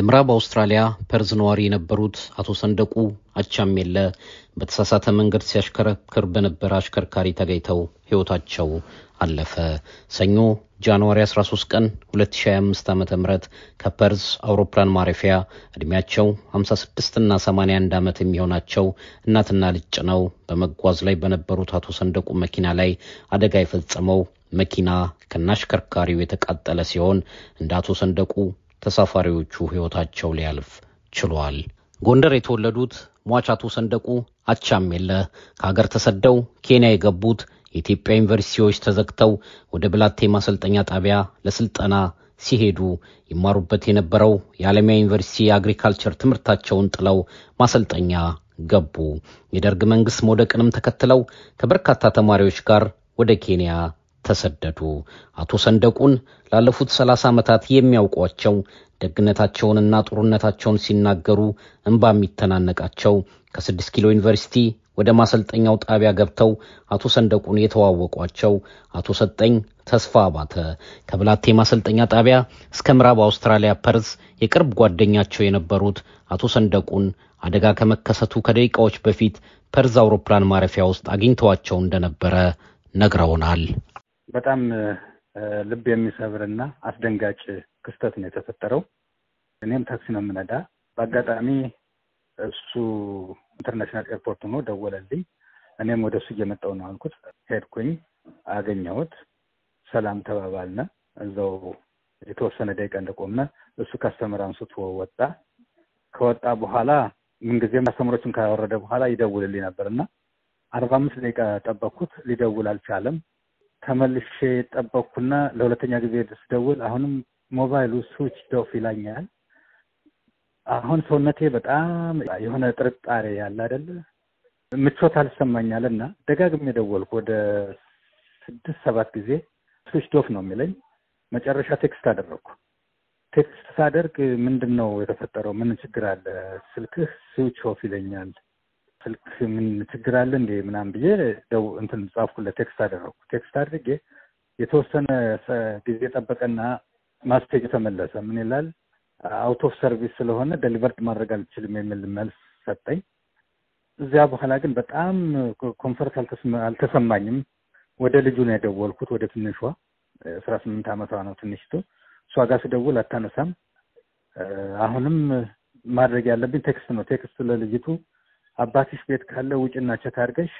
የምዕራብ አውስትራሊያ ፐርዝ ነዋሪ የነበሩት አቶ ሰንደቁ አቻም የለ በተሳሳተ መንገድ ሲያሽከረክር በነበረ አሽከርካሪ ተገኝተው ሕይወታቸው አለፈ። ሰኞ ጃንዋሪ 13 ቀን 2025 ዓ ም ከፐርዝ አውሮፕላን ማረፊያ ዕድሜያቸው 56ና 81 ዓመት የሚሆናቸው እናትና ልጅ ጭነው በመጓዝ ላይ በነበሩት አቶ ሰንደቁ መኪና ላይ አደጋ የፈጸመው መኪና ከናሽከርካሪው የተቃጠለ ሲሆን እንደ አቶ ሰንደቁ ተሳፋሪዎቹ ሕይወታቸው ሊያልፍ ችሏል። ጎንደር የተወለዱት ሟቻቱ ሰንደቁ አቻም የለ ከሀገር ተሰደው ኬንያ የገቡት የኢትዮጵያ ዩኒቨርሲቲዎች ተዘግተው ወደ ብላቴ ማሰልጠኛ ጣቢያ ለስልጠና ሲሄዱ ይማሩበት የነበረው የዓለሚያ ዩኒቨርሲቲ የአግሪካልቸር ትምህርታቸውን ጥለው ማሰልጠኛ ገቡ። የደርግ መንግሥት መውደቅንም ተከትለው ከበርካታ ተማሪዎች ጋር ወደ ኬንያ ተሰደዱ። አቶ ሰንደቁን ላለፉት ሰላሳ ዓመታት የሚያውቋቸው ደግነታቸውንና ጥሩነታቸውን ሲናገሩ እንባ የሚተናነቃቸው ከስድስት ኪሎ ዩኒቨርሲቲ ወደ ማሰልጠኛው ጣቢያ ገብተው አቶ ሰንደቁን የተዋወቋቸው አቶ ሰጠኝ ተስፋ አባተ ከብላቴ ማሰልጠኛ ጣቢያ እስከ ምዕራብ አውስትራሊያ ፐርዝ የቅርብ ጓደኛቸው የነበሩት አቶ ሰንደቁን አደጋ ከመከሰቱ ከደቂቃዎች በፊት ፐርዝ አውሮፕላን ማረፊያ ውስጥ አግኝተዋቸው እንደነበረ ነግረውናል። በጣም ልብ የሚሰብርና አስደንጋጭ ክስተት ነው የተፈጠረው። እኔም ታክሲ ነው የምነዳ። በአጋጣሚ እሱ ኢንተርናሽናል ኤርፖርት ሆኖ ደወለልኝ። እኔም ወደ እሱ እየመጣው ነው አልኩት። ሄድኩኝ፣ አገኘሁት፣ ሰላም ተባባልነ። እዛው የተወሰነ ደቂቃ እንደቆምነ እሱ ከአስተምር አንስቶ ወጣ። ከወጣ በኋላ ምንጊዜም ከስተምሮችን ካወረደ በኋላ ይደውልልኝ ነበር እና አርባ አምስት ደቂቃ ጠበቅኩት። ሊደውል አልቻለም። ተመልሼ ጠበቅኩና ለሁለተኛ ጊዜ ስደውል አሁንም ሞባይሉ ስዊች ዶፍ ይላኛል። አሁን ሰውነቴ በጣም የሆነ ጥርጣሬ ያለ አይደለ ምቾት አልሰማኛል እና ደጋግሜ ደወልኩ ወደ ስድስት ሰባት ጊዜ ስዊች ዶፍ ነው የሚለኝ። መጨረሻ ቴክስት አደረግኩ። ቴክስት ሳደርግ ምንድን ነው የተፈጠረው? ምን ችግር አለ? ስልክህ ስዊች ኦፍ ይለኛል ስልክ ምን ችግር አለ እንዴ ምናምን ብዬ ደው እንትን ጻፍኩለት፣ ቴክስት አደረግኩ። ቴክስት አድርጌ የተወሰነ ጊዜ ጠበቀና ማስፔጅ ተመለሰ። ምን ይላል አውት ኦፍ ሰርቪስ ስለሆነ ደሊቨርድ ማድረግ አልችልም የሚል መልስ ሰጠኝ። እዚያ በኋላ ግን በጣም ኮንፈርት አልተሰማኝም። ወደ ልጁ ነው የደወልኩት፣ ወደ ትንሿ አስራ ስምንት ዓመቷ ነው ትንሽቱ። እሷ ጋር ስደውል አታነሳም። አሁንም ማድረግ ያለብኝ ቴክስት ነው። ቴክስት ለልጅቱ አባትሽ ቤት ካለ ውጭና ቸክ አድርገሽ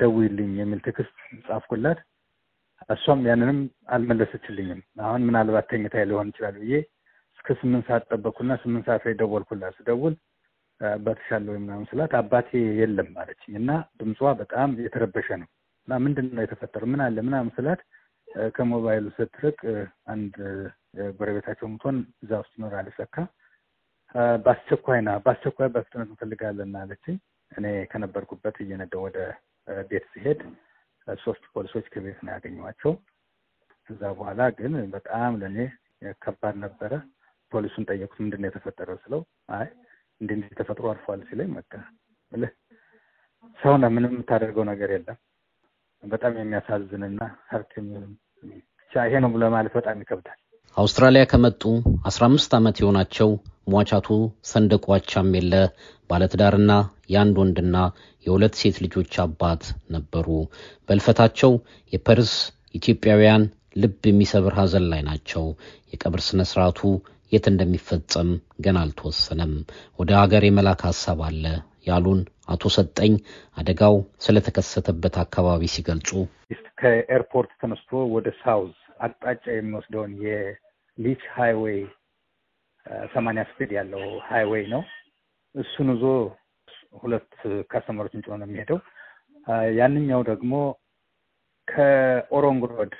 ደውይልኝ የሚል ትክስት ጻፍኩላት። እሷም ያንንም አልመለሰችልኝም። አሁን ምናልባት ተኝታ ሊሆን ይችላል ብዬ እስከ ስምንት ሰዓት ጠበቅኩና ስምንት ሰዓት ላይ ደወልኩላት። ስደውል አባትሽ አለ ወይ ምናምን ስላት አባቴ የለም አለችኝ እና ድምጿ በጣም የተረበሸ ነው እና ምንድን ነው የተፈጠረው ምን አለ ምናምን ስላት ከሞባይሉ ስትርቅ አንድ ጎረቤታቸው ምትሆን እዛ ውስጥ ኖራለች ለካ በአስቸኳይ ና በአስቸኳይ በፍጥነት እንፈልጋለን አለችኝ። እኔ ከነበርኩበት እየነዳሁ ወደ ቤት ሲሄድ ሶስት ፖሊሶች ከቤት ነው ያገኘኋቸው። ከዛ በኋላ ግን በጣም ለእኔ ከባድ ነበረ። ፖሊሱን ጠየቁት፣ ምንድን ነው የተፈጠረው ስለው አይ እንዲህ እንዲህ ተፈጥሮ አልፏል ሲለኝ በቃ ብልህ ሰው ነህ፣ ምንም የምታደርገው ነገር የለም። በጣም የሚያሳዝንና ሀርት ብቻ ይሄ ነው ለማለት በጣም ይከብዳል። አውስትራሊያ ከመጡ አስራ አምስት ዓመት የሆናቸው ሟቻቱ ሰንደቋቻም የለ ባለትዳርና የአንድ ወንድና የሁለት ሴት ልጆች አባት ነበሩ። በልፈታቸው የፐርስ ኢትዮጵያውያን ልብ የሚሰብር ሐዘን ላይ ናቸው። የቀብር ስነ ስርዓቱ የት እንደሚፈጸም ገና አልተወሰነም። ወደ ሀገር የመላክ ሀሳብ አለ ያሉን አቶ ሰጠኝ አደጋው ስለተከሰተበት አካባቢ ሲገልጹ ከኤርፖርት ተነስቶ ወደ ሳውዝ አቅጣጫ የሚወስደውን የሊች ሃይዌይ ሰማንያ ስፒድ ያለው ሃይዌይ ነው። እሱን ይዞ ሁለት ከስተመሮችን ጭኖ ነው የሚሄደው። ያንኛው ደግሞ ከኦሮንግ ሮድ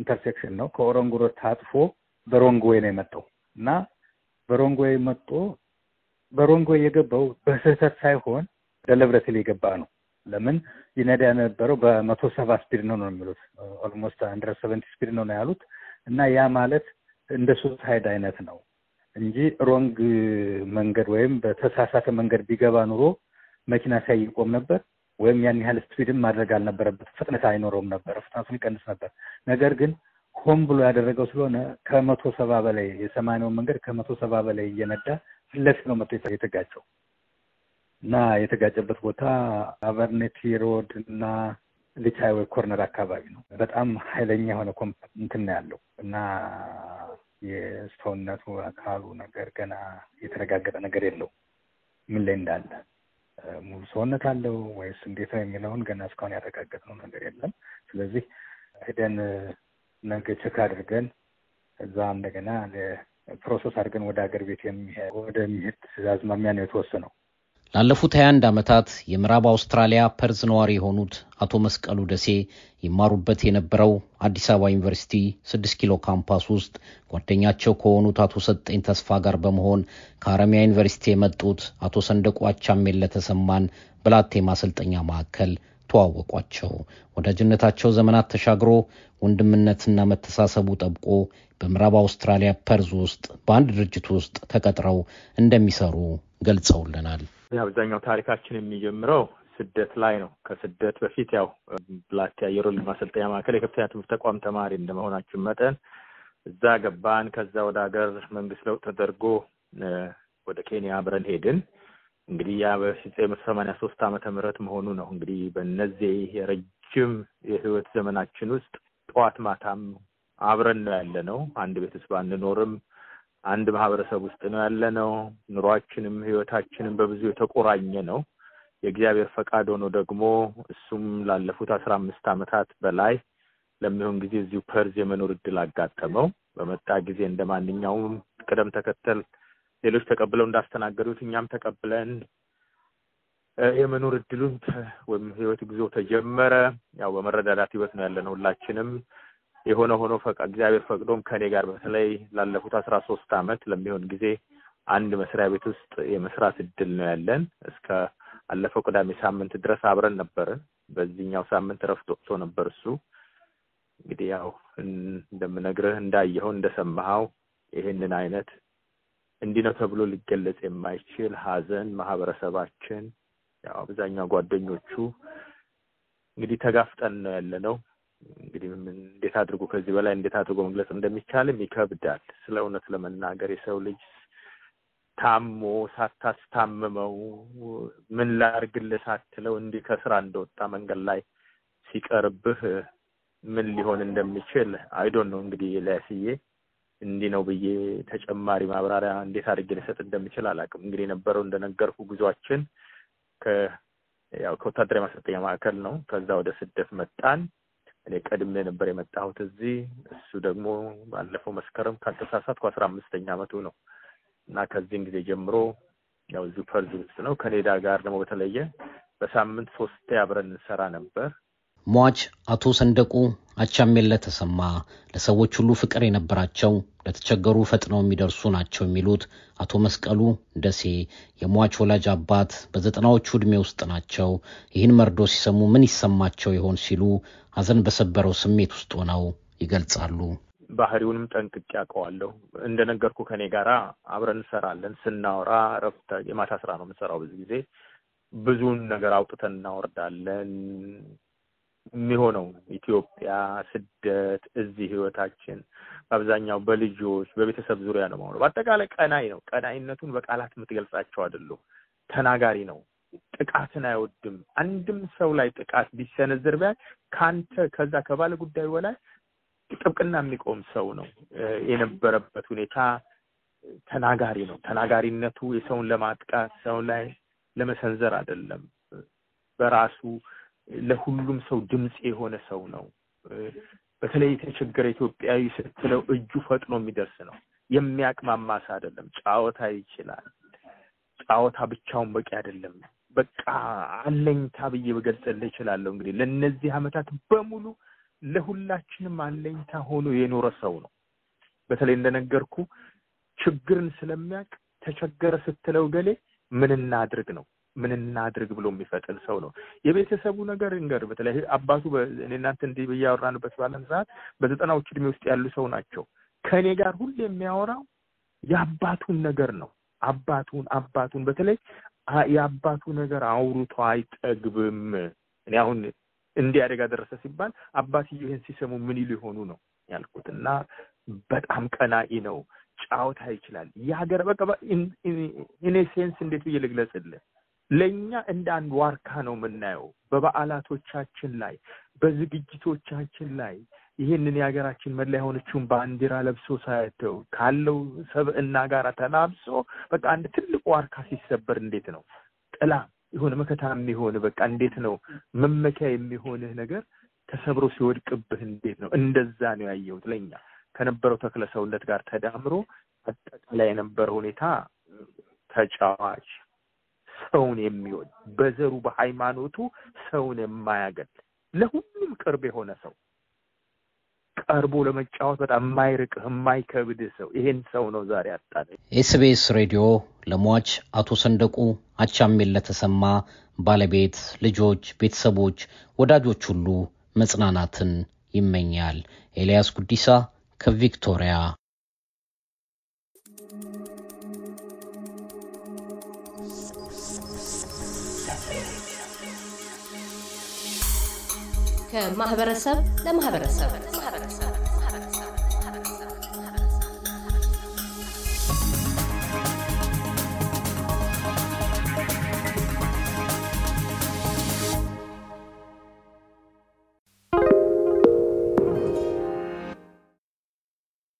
ኢንተርሴክሽን ነው። ከኦሮንግ ሮድ ታጥፎ በሮንግዌይ ነው የመጣው እና በሮንግዌይ መጦ በሮንግዌይ የገባው በስህተት ሳይሆን ደለብረትል የገባ ነው። ለምን ይነዳ የነበረው በመቶ ሰባ ስፒድ ነው ነው የሚሉት ኦልሞስት አንድረ ሰቨንቲ ስፒድ ነው ነው ያሉት እና ያ ማለት እንደ ሱሳይድ አይነት ነው እንጂ ሮንግ መንገድ ወይም በተሳሳተ መንገድ ቢገባ ኑሮ መኪና ሲያይ ይቆም ነበር፣ ወይም ያን ያህል ስፒድም ማድረግ አልነበረበት፣ ፍጥነት አይኖረውም ነበር፣ ፍጥነቱን ይቀንስ ነበር። ነገር ግን ሆን ብሎ ያደረገው ስለሆነ ከመቶ ሰባ በላይ የሰማንያውን መንገድ ከመቶ ሰባ በላይ እየነዳ ፍለፊት ነው መጥቶ የተጋጨው እና የተጋጨበት ቦታ አቨርኔቲ ሮድ እና ልጅ ሀይዌይ ኮርነር አካባቢ ነው። በጣም ሀይለኛ የሆነ እንትን ያለው እና የሰውነቱ አካሉ ነገር ገና የተረጋገጠ ነገር የለው ምን ላይ እንዳለ ሙሉ ሰውነት አለው ወይስ እንዴት ነው የሚለውን ገና እስካሁን ያረጋገጥነው ነገር የለም። ስለዚህ ሄደን ነገ ቼክ አድርገን እዛ እንደገና ፕሮሰስ አድርገን ወደ ሀገር ቤት ወደሚሄድ አዝማሚያ ነው የተወሰነው። ላለፉት 21 ዓመታት የምዕራብ አውስትራሊያ ፐርዝ ነዋሪ የሆኑት አቶ መስቀሉ ደሴ ይማሩበት የነበረው አዲስ አበባ ዩኒቨርሲቲ 6 ኪሎ ካምፓስ ውስጥ ጓደኛቸው ከሆኑት አቶ ሰጠኝ ተስፋ ጋር በመሆን ከአረሚያ ዩኒቨርሲቲ የመጡት አቶ ሰንደቁ አቻሜ ለተሰማን ብላቴ ማሰልጠኛ ማዕከል ተዋወቋቸው። ወዳጅነታቸው ዘመናት ተሻግሮ ወንድምነትና መተሳሰቡ ጠብቆ በምዕራብ አውስትራሊያ ፐርዝ ውስጥ በአንድ ድርጅት ውስጥ ተቀጥረው እንደሚሰሩ ገልጸውልናል። አብዛኛው ታሪካችን የሚጀምረው ስደት ላይ ነው። ከስደት በፊት ያው ብላት የአየር ወለድ ማሰልጠኛ ማዕከል የከፍተኛ ትምህርት ተቋም ተማሪ እንደመሆናችን መጠን እዛ ገባን። ከዛ ወደ ሀገር መንግስት ለውጥ ተደርጎ ወደ ኬንያ አብረን ሄድን። እንግዲህ ያ በሰማኒያ ሶስት ዓመተ ምህረት መሆኑ ነው። እንግዲህ በእነዚህ የረጅም የህይወት ዘመናችን ውስጥ ጠዋት ማታም አብረን ነው ያለ ነው። አንድ ቤተሰብ አንኖርም፣ አንድ ማህበረሰብ ውስጥ ነው ያለ ነው። ኑሯችንም ህይወታችንም በብዙ የተቆራኘ ነው። የእግዚአብሔር ፈቃድ ሆኖ ደግሞ እሱም ላለፉት አስራ አምስት ዓመታት በላይ ለሚሆን ጊዜ እዚሁ ፐርዝ የመኖር እድል አጋጠመው። በመጣ ጊዜ እንደ ማንኛውም ቅደም ተከተል ሌሎች ተቀብለው እንዳስተናገዱት እኛም ተቀብለን የመኖር እድሉን ወይም ህይወት ጉዞ ተጀመረ። ያው በመረዳዳት ህይወት ነው ያለነው ሁላችንም። የሆነ ሆኖ ፈቃ እግዚአብሔር ፈቅዶም ከእኔ ጋር በተለይ ላለፉት አስራ ሶስት አመት ለሚሆን ጊዜ አንድ መስሪያ ቤት ውስጥ የመስራት እድል ነው ያለን። እስከ አለፈው ቅዳሜ ሳምንት ድረስ አብረን ነበርን። በዚህኛው ሳምንት እረፍት ወጥቶ ነበር እሱ። እንግዲህ ያው እንደምነግርህ እንዳየኸው እንደሰማኸው ይህንን አይነት እንዲህ ነው ተብሎ ሊገለጽ የማይችል ሀዘን ማህበረሰባችን ያው አብዛኛው ጓደኞቹ እንግዲህ ተጋፍጠን ነው ያለ ነው። እንግዲህ እንዴት አድርጎ ከዚህ በላይ እንዴት አድርጎ መግለጽ እንደሚቻልም ይከብዳል። ስለ እውነት ለመናገር የሰው ልጅ ታሞ ሳታስታምመው ምን ላድርግልህ ሳትለው እንዲህ ከስራ እንደወጣ መንገድ ላይ ሲቀርብህ ምን ሊሆን እንደሚችል አይዶን ነው እንግዲህ ላስዬ እንዲህ ነው ብዬ ተጨማሪ ማብራሪያ እንዴት አድርጌ ልሰጥ እንደምችል አላውቅም። እንግዲህ የነበረው እንደነገርኩ ጉዟችን ያው ከወታደራዊ ማሰልጠኛ ማዕከል ነው። ከዛ ወደ ስደት መጣን። እኔ ቀድሜ ነበር የመጣሁት እዚህ። እሱ ደግሞ ባለፈው መስከረም ካልተሳሳትኩ አስራ አምስተኛ አመቱ ነው እና ከዚህን ጊዜ ጀምሮ ያው እዚሁ ፐርዝ ውስጥ ነው። ከኔዳ ጋር ደግሞ በተለየ በሳምንት ሶስቴ አብረን እንሰራ ነበር። ሟች አቶ ሰንደቁ አቻሜለ ተሰማ ለሰዎች ሁሉ ፍቅር የነበራቸው ለተቸገሩ ፈጥነው የሚደርሱ ናቸው የሚሉት አቶ መስቀሉ ደሴ የሟች ወላጅ አባት በዘጠናዎቹ ዕድሜ ውስጥ ናቸው። ይህን መርዶ ሲሰሙ ምን ይሰማቸው ይሆን ሲሉ ሐዘን በሰበረው ስሜት ውስጥ ሆነው ይገልጻሉ። ባህሪውንም ጠንቅቄ አውቀዋለሁ። እንደነገርኩ ከኔ ጋራ አብረን እንሰራለን። ስናወራ ረፍተ የማታ ስራ ነው የምንሰራው። ብዙ ጊዜ ብዙን ነገር አውጥተን እናወርዳለን የሚሆነው ኢትዮጵያ ስደት እዚህ ህይወታችን በአብዛኛው በልጆች በቤተሰብ ዙሪያ ነው ማሆነው በአጠቃላይ ቀናይ ነው። ቀናይነቱን በቃላት የምትገልጻቸው አይደለም። ተናጋሪ ነው። ጥቃትን አይወድም። አንድም ሰው ላይ ጥቃት ቢሰነዝር ቢያ ከአንተ ከዛ ከባለ ጉዳዩ በላይ ጥብቅና የሚቆም ሰው ነው የነበረበት ሁኔታ። ተናጋሪ ነው። ተናጋሪነቱ የሰውን ለማጥቃት ሰው ላይ ለመሰንዘር አይደለም። በራሱ ለሁሉም ሰው ድምፅ የሆነ ሰው ነው። በተለይ የተቸገረ ኢትዮጵያዊ ስትለው እጁ ፈጥኖ የሚደርስ ነው። የሚያቅማማስ አይደለም። ጫወታ ይችላል። ጫወታ ብቻውን በቂ አይደለም። በቃ አለኝታ ብዬ በገልጸልህ እችላለሁ። እንግዲህ ለእነዚህ ዓመታት በሙሉ ለሁላችንም አለኝታ ሆኖ የኖረ ሰው ነው። በተለይ እንደነገርኩ ችግርን ስለሚያውቅ ተቸገረ ስትለው ገሌ ምን እናድርግ ነው ምን እናድርግ ብሎ የሚፈጥር ሰው ነው። የቤተሰቡ ነገር እንገር በተለይ አባቱ እናንተ እንዲህ ብያወራንበት ባለን ሰዓት በዘጠናዎች እድሜ ውስጥ ያሉ ሰው ናቸው። ከእኔ ጋር ሁሌ የሚያወራው የአባቱን ነገር ነው። አባቱን አባቱን በተለይ የአባቱ ነገር አውርቶ አይጠግብም። እኔ አሁን እንዲህ አደጋ ደረሰ ሲባል አባትዬ ይህን ሲሰሙ ምን ይሉ የሆኑ ነው ያልኩት እና በጣም ቀናኢ ነው። ጫወታ ይችላል። የሀገር በቃ ኢኔሴንስ እንዴት ብዬ ልግለጽልህ ለእኛ እንደ አንድ ዋርካ ነው የምናየው። በበዓላቶቻችን ላይ፣ በዝግጅቶቻችን ላይ ይህንን የሀገራችን መለያ የሆነችውን ባንዲራ ለብሶ ሳያተው ካለው ሰብእና ጋር ተላብሶ በቃ አንድ ትልቅ ዋርካ ሲሰበር እንዴት ነው ጥላ የሆነ መከታ የሚሆን በቃ እንዴት ነው መመኪያ የሚሆንህ ነገር ተሰብሮ ሲወድቅብህ እንዴት ነው? እንደዛ ነው ያየሁት። ለኛ ከነበረው ተክለ ሰውነት ጋር ተዳምሮ አጠቃላይ የነበረ ሁኔታ ተጫዋች ሰውን የሚወድ በዘሩ በሃይማኖቱ ሰውን የማያገል ለሁሉም ቅርብ የሆነ ሰው ቀርቦ ለመጫወት በጣም የማይርቅህ የማይከብድ ሰው ይሄን ሰው ነው ዛሬ አጣለ። ኤስቢኤስ ሬዲዮ ለሟች አቶ ሰንደቁ አቻሜን ለተሰማ ባለቤት፣ ልጆች፣ ቤተሰቦች፣ ወዳጆች ሁሉ መጽናናትን ይመኛል። ኤልያስ ጉዲሳ ከቪክቶሪያ ከማህበረሰብ ለማህበረሰብ